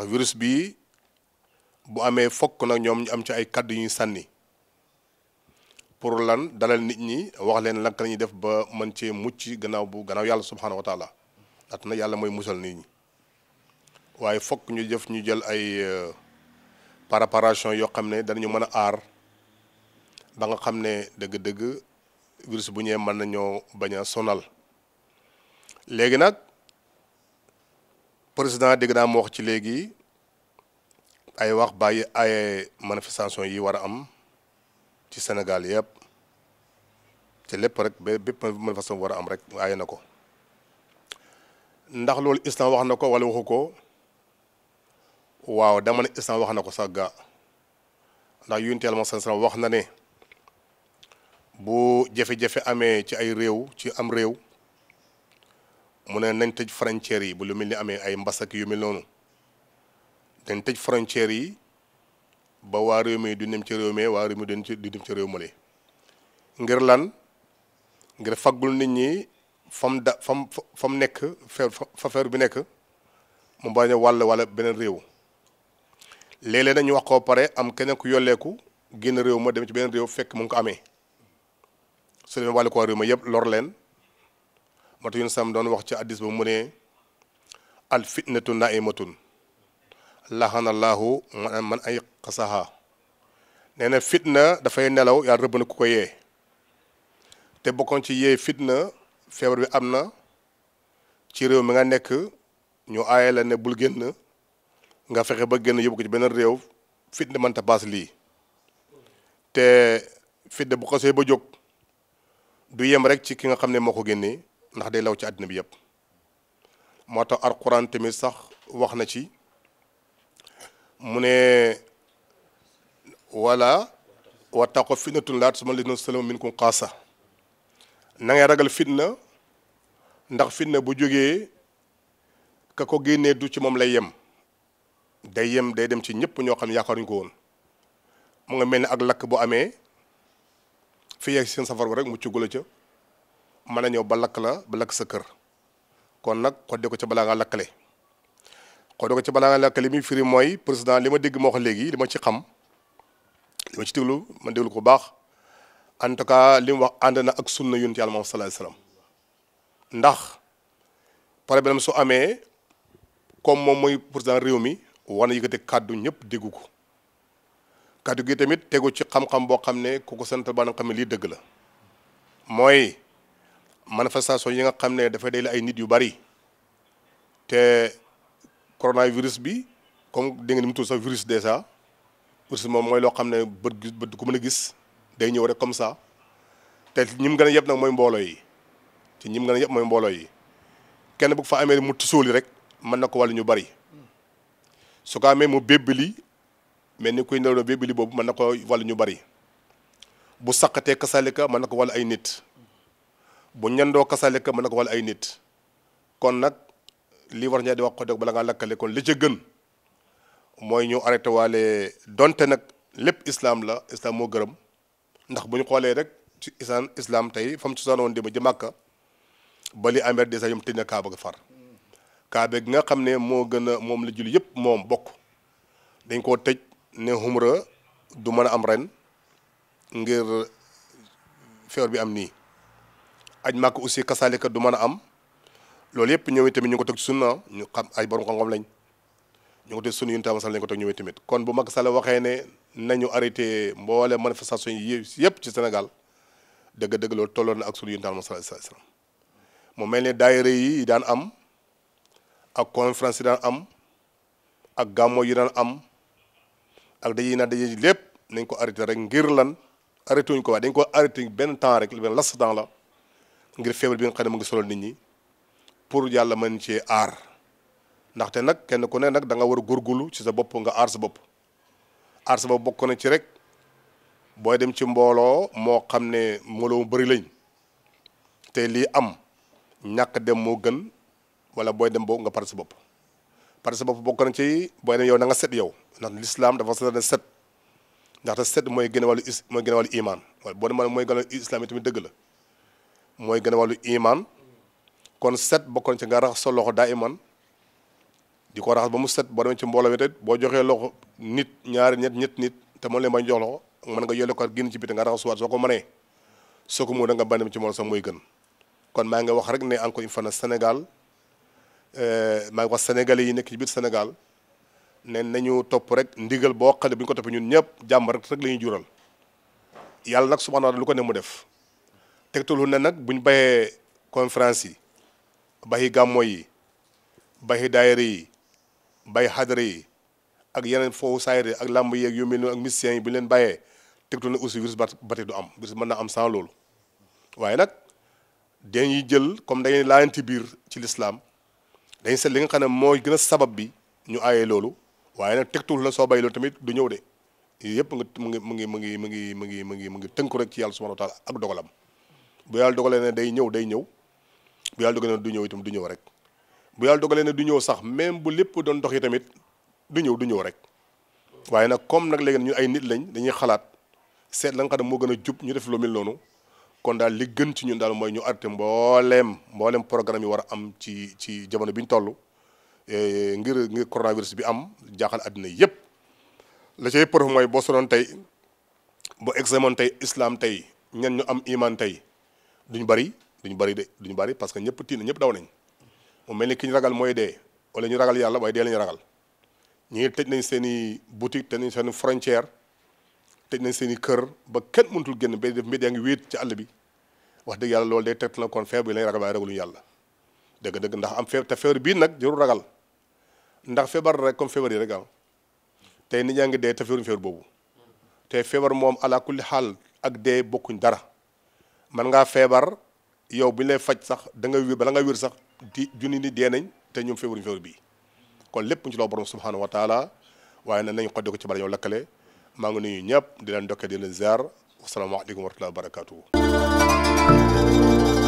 ndax virus bi bu amee fokk nag ñoom ñu am ci ay kàddu yu sànni pour lan dalal nit ñi wax leen lakk la def ba mën cee mucc gannaaw bu gannaaw yàlla subhaanahu wa taala at na yàlla mooy musal nit ñi waaye fokk ñu def ñu jël ay euh, préparation yoo xam ne danañu mën a aar ba nga xam ne dëgg-dëgg virus bu ñëwee mën nañoo bañ a sonal léegi nag président dégg naa mu wax ci léegi ay wax bàyyi ay manifestation yi war a am ci Sénégal yëpp ci lépp rek ba bépp manifestation war a am rek aaye na ko ndax loolu islam wax na ko wala waxu ko waaw dama ne wax na ko sax gaa ndax yonent Yàlla sallallahu wax na ne bu jafe-jafe amee ci ay réew ci am réew mu ne nañ tëj frontières yi bu lu mel ni amee ay mbas yu mel noonu dañ tëj frontières yi ba waa réew mi du dem ci réew mi waa réew mi du dem ci réew mële ngir lan ngir faggul nit ñi fam da fam fam nekk fa feer bi nekk mu bañ walla wàll wala beneen réew léeg-léeg dañu wax koo pare am keneen ku yolleeku génn réew ma dem ci beneen réew fekk mu ngi ko amee su demee wàllu ko réew ma yëpp lor leen moo tax yun sam doon wax ci addis ba mu ne al fitnatu naimatun lahanallahu man ay xasaha nee na fitna dafay nelaw yàlla rëbb na ku ko yee te bokkoon ci yee fitna feebar bi am na ci réew mi nga nekk ñu aaye la ne bul génn nga fexe ba génn yóbbu ko ci beneen réew fitna mënta paas lii te fitna bu xasee ba jóg du yem rek ci ki nga xam ne moo ko génnee ndax day law ci àddina bi yëpp moo tax alquran tamit sax wax na ci mu ne wala wattaqu fitnatun laa tusiibanna llaziina zalamu minkum xaassa na ngay ragal fitna ndax fitna bu jógee ka ko génnee du ci moom lay yem day yem day dem ci ñëpp ñoo xam ne yaakaaruñu ko woon mu nga mel ni ak lakk bu amee fi yegg seen safar rek mucc gula ca mën na ñëw ba lakk la ba lakk sa kër kon nag xodde ko ca balaa ngaa lakkale xoodo ko ci balaa nga lakk li muy firi mooy président li ma dégg ma wax léegi li ma ci xam li ci déglu ma déglu ko en tout cas mu wax ànd na ak sunna yonent yàlla moom salaay salaam ndax problème su amee comme moom mooy président réew mi war na yëkkati kàddu ñëpp déggu ko gi tamit tegu ci xam-xam ne ku ko xam ne lii la mooy manifestation yi nga ne dafay ay nit yu bari te coronavirus bi comme dégg nga ni mu tudd sax virus dèjà virus moom mooy loo xam ne bët bët ku mën a gis day ñëw rek comme ça te ñim gën a yëpp nag mooy mbooloo yi ci ñim gën a yëpp mooy mbooloo yi kenn bu fa amee mu tisóoli rek mën na ko wàllu ñu bari su ko amee mu bébbali mel ni kuy nelaw bébbali boobu mën na ko wàllu ñu bari bu saqatee kasalika mën na ko wàllu ay nit bu ñandoo kasalika mën na ko wàllu ay nit kon nag lii war ñaa di wax ko dëgg bala ngaa lakkale kon li ci gën mooy ñu arrêté waale donte nag lépp islaam la islam moo gërëm ndax bu ñu xoolee rek ci isaan islam tey fa mu cosaanoon di ba ji màkka ba li amer dèjà ñoom kaaba ga far kaaba gi nga xam ne moo gën a moom la julli yëpp moom bokk dañ koo tëj ne humra du mën a am ren ngir feebar bi am nii aj màkk aussi kasaalika du mën a am loolu yëpp ñoom tamit ñu ko teg sunna ñu xam ay borom xam-xam lañ ñu ko teg sunna yun tamasal lañ ko teg ñoom kon bu Macky Sall waxee ne nañu arrêté mboole manifestation yi yëpp ci Sénégal dëgg-dëgg loolu tolloon na ak sunu yun tamasal alayhi salaam mu mel daayira yi daan am ak conférence daan am ak gàmmo yi daan am ak daje yi naan daje nañ ko arrêté rek ngir lan arrêté wuñ ko waaye dañ ko arrêté ben temps rek ben las temps la ngir feebar bi nga xam ne ngi solo nit ñi pour yàlla mën cee aar ndaxte nag kenn ku ne nag da nga war a góorgóorlu ci sa bopp nga aar sa bopp aar sa bopp bokk na ci rek booy dem ci mbooloo moo xam ne mbooloo mu bari lañ te lii am ñàkk dem moo gën wala booy dem boobu nga par sa bopp par sa bopp bokk na ci booy dem yow na nga set yow ndax lislaam dafa set na set ndaxte set mooy gën a wàllu is mooy imaan wala boo demee mooy gën a wàllu islam yi tamit dëgg la mooy gën imaan kon set bokkoon ci nga raxas sa loxo di ko raxas ba mu set boo demee ci mbooloo mi tamit boo joxee loxo nit ñaari ñett ñett nit te mën leen bañ jox loxo mën nga yole ko génn ci biti nga raxas waat soo ko mënee soo da nga bañ ci mbooloo sax mooy gën kon maa ngi wax rek ne encore une fois Senegal Sénégal eh, maa ngi wax sénégalais yi nekk ci biir Sénégal ne nañu topp rek ndigal ko ñun rek rek jural yàlla nag subhanahu wa taala lu ko ne mu def tegtalu ne buñ conférence yi baxi gàmmo yi baxi daayira yi bay xadara yi ak yeneen foofu saayira ak làmb yi ak yu mel noonu ak musiciens yi bu ñu leen bàyyee tegtul ne aussi virus bate du am virus mën naa am sans loolu waaye nag yi jël comme dañuy laajante biir ci lislaam dañuy seet li nga xam ne mooy gën a sabab bi ñu aayee loolu waaye nag tegtul la soo bàyyi loolu tamit du ñëw de yëpp mu ngi mu ngi mu ngi mu ngi mu ngi mu ngi mu ngi tënku rek ci yàlla subhanahu wa taala ak bu yàlla dogalee ne day ñëw day ñëw bu yàlla dogalee ne du ñëw itam du ñëw rek bu yàlla dogalee ne du ñëw sax même bu lépp doon dox yi tamit du ñëw du ñëw rek waaye nag comme nag léegi ñu ay nit lañ dañuy xalaat seet la ne moo gën a jub ñu def lu mel noonu kon daal li gën ci ñun daal mooy ñu arti mbooleem mboolem programme yi war a am ci ci jamono bi ñu toll e, ngir ngir coronavirus bi am jaaxal àddina yëpp la cay preuve mooy boo sonoon tey boo examen tey islaam tey ñen ñu am iman tey duñ bari duñu bari de duñu bari parce que ñëpp tiin na ñëpp daw nañ mu mel ni ki ñu ragal mooy dee wala ñu ragal yàlla waaye dee lañu ragal ñu ngi tëj nañ seen i boutique nañ seen i frontière tëj nañ seen i kër ba kenn mënutul génn ba def mbir yaa ngi wéet ci àll bi wax dëgg yàlla loolu day teg na kon feebar bi lañu ragal waaye yàlla dëgg-dëgg ndax am feebar te feebar bii nag jarul ragal ndax feebar rek comme feebar yi rek am ah. tey nit ñaa ngi dee te feebar boobu te feebar moom ala kulli xaal ak dee bokkuñ dara man ngaa feebar yow bu ñu lay faj sax da nga wér bala nga wér sax di junni ni dee nañ te ñoom feebaruñ feebar bi kon lépp ñu ci loo borom subhanahu wa taala waaye nan nañ xoddi ko ci bala ñoo lakkale maa ngi nuyu ñëpp di leen dokkee di la ziar wasalaamaaleykum wa rahmatullahi wa